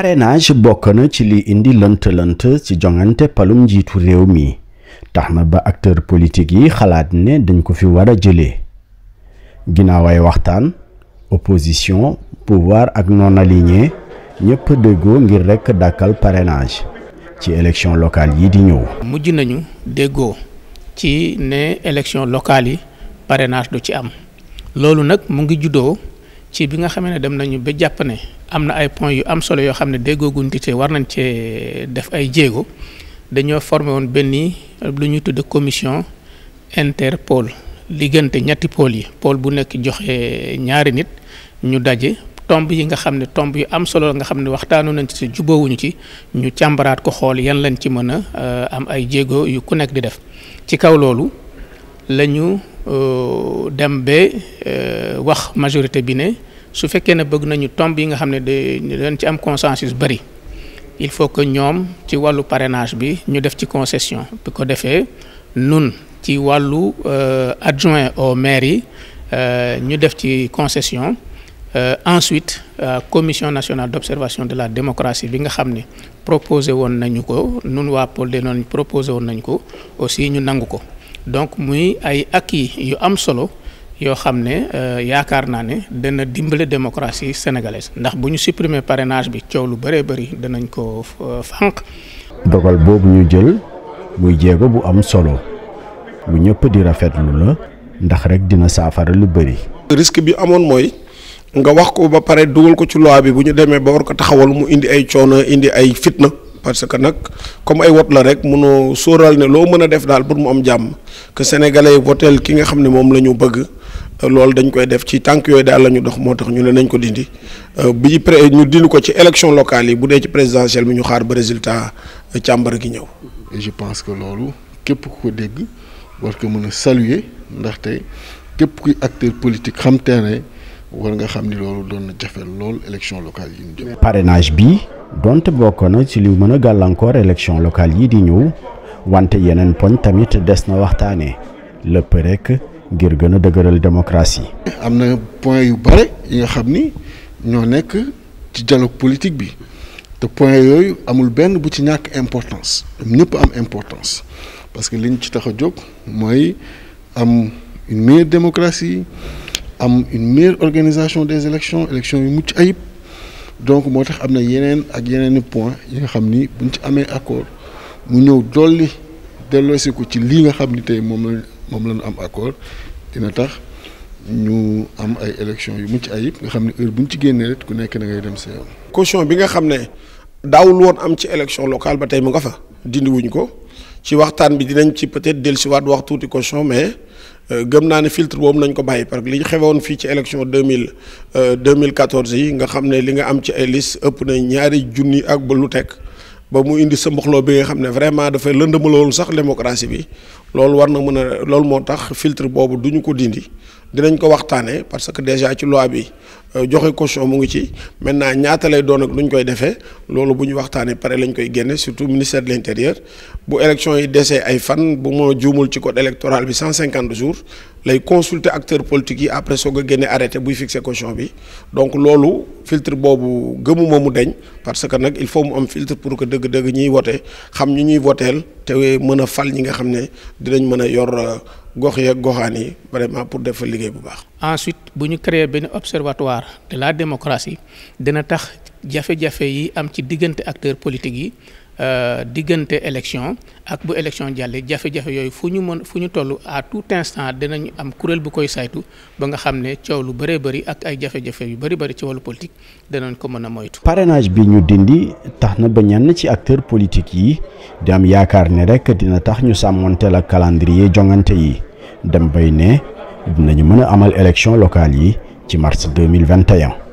parrainage bokk na ci li indi lënt-lënt ci joŋante palum njiitu réew mii tax na ba acteur politique yi xalaat ne dañ ko fi war a jëlee ginnaaw ay waxtaan opposition pouvoir ak non aligné ñëpp déggoo ngir rekk dàkkal parenage ci élection locale yi di ñëw. mujj nañu déggoo ci ne élection locale yi parrainage du ci am loolu nag mu ngi juddoo ci bi nga xamee ne dem nañu ba jàpp ne. am na ay points yu am solo yoo xam ne déggooguñ ci war nañ cee def ay jéego dañoo formé woon benn lu ñuy tudd commission interpôle liggante ñetti pôle yi pôle bu nekk joxe ñaari nit ñu daje tomb yi nga xam ne tomb yu am solo nga xam ne waxtaanu nañ ci jubóowuñu ci ñu càmbaraat ko xool yan lañ ci mën a euh, am ay jéego yu ku nekk di def ci kaw loolu la ñu euh, dem ba euh, wax majorité bi ne. su fekkee ne bëgg nañu tomb yi nga xam ne dañ ci am consensus bëri il faut que ñoom ci wàllu parrainage bi ñu def ci concession bu ko defee nun ci wàllu euh, adjoint au maire yi euh, ñu def ci concession euh, ensuite commission nationale d'observation de la démocratie bi nga xam ne proposé woon nañu ko nun waa Pôle des proposé woon nañu ko aussi ñu nangu ko donc muy ay acquis yu am solo yoo xam ne euh, yaakaar naa ne dana dimbale démocratie sénégalaise ndax bu ñu supprimer parrainage bi coow lu bëree bëri danañ ko euh, fànq. dogal boobu ñu jël muy jéego bu am solo bu ñëpp di rafetlu la ndax rek dina saafara lu bëri. risque bi amoon moy nga wax ko ba pare dugal ko ci loi bi bu ñu ba war ko taxawal mu indi ay coono indi ay fitna. parce que nag comme ay wot la rek mënoo sóoral ne lo mën def pour mu am jàmm que sénégalais votel ki nga xam bëgg loolu dañ koy def ci tànk yooyu daal la dox motax ñu ne nañ ko dindi euh, bi pré ñu dindi ko ci élection locale yi bu dé ci présidentielle bi ñu xaar ba résultat euh, càmbar gi ñëw. et je pense que lolu képp ku ko dégg war ko mën a saluer ndaxte képp kuy acteur politique xam te ne war nga xam ni lolu doon na jafe lool élection locale yi ñu jëm. parrainage bi donte bokk ci li mëna a gàllankoor élection locale yi di ñëw wante yenen poñ tamit des na waxtane le rek ngir gën a dëgëral démocratie. amna point yu bare yi nga xamni ni ñoo nekk ci dialogue politique bi te point yooyu amul benn bu ci ñak importance ñepp am importance parce que liñ ci tax jog moy am une meilleure démocratie am une meilleure organisation des élections élections yu mucc ayib donc moo tax am na yeneen ak yeneeni point yi nga xam ni buñ ci amee accord mu ñëw dolli delloose ko ci lii nga xam ni tey moom la. moom la ñu am accord dina tax ñu am ay élection yu mucc ayib nga xam ne heure bu ñu ci génnee rek ku nekk da ngay dem sa yoon. caution bi nga xam ne daawul woon am ci élection locale ba tey mu nga fa dindiwuñ ko ci waxtaan bi dinañ ci peut-être dellusiwaat wax tuuti caution mais euh, gëm naa ne filtre boobu nañ ko bàyyi parce que li ñu xewoon fii ci élection deux mille euh, deux mille quatorze yi nga xam ne li nga am ci ay liste ëpp na ñaari junni ak ba lu teg. ba mu indi sa mboxloo bi nga xam ne vraiment dafay lëndëmaloon sax démocratie bi loolu war na mën a loolu moo tax filtre boobu du ñu ko dindi dinañ ko waxtaane parce que déjà ci loi bi Euh, joxe caution mu ngi ci maintenant ñaata lay doon ak luñ koy défé lolu buñu waxtané paré lañ koy génne surtout ministère de l'Intérieur. bu élection yi déssé ay fan bu mo juumul ci code électoral bi 150 jours lay consulter acteurs politiques yi après soga a arrêté buy fixer caution bi donc lolu filtre boobu gëmuma mu deñ parce que nak il faut mu am filtre pour que deug deug ñi voté xam ñu ñuy votel te mën a fal ñi nga xam ne dinañ mën a yor euh, gox yeeg goxaan yi vraiment pour def fa liggéey bu baax. ensuite bu ñu créer benn observatoire de la démocratie dina tax jafe-jafe yi am ci diggante acteur politiques yi. Euh, diggante élection ak bu élection jàlle jafe-jafe yooyu fu ñu mën fu ñu toll à tout instant dinañ am kuréel bu koy saytu ba nga xam ne coow lu bëree bëri ak ay jafe-jafe yu bëri bëri ci wàllu politique danañ ko mën a moytu. parrainage bi ñu dindi tax na ba ñenn ci acteurs politiques yi di am yaakaar ne rek dina tax ñu sàmmonteel ak calendrier jongante yi dem bay ne dinañu mën a amal élection locale yi ci mars 2021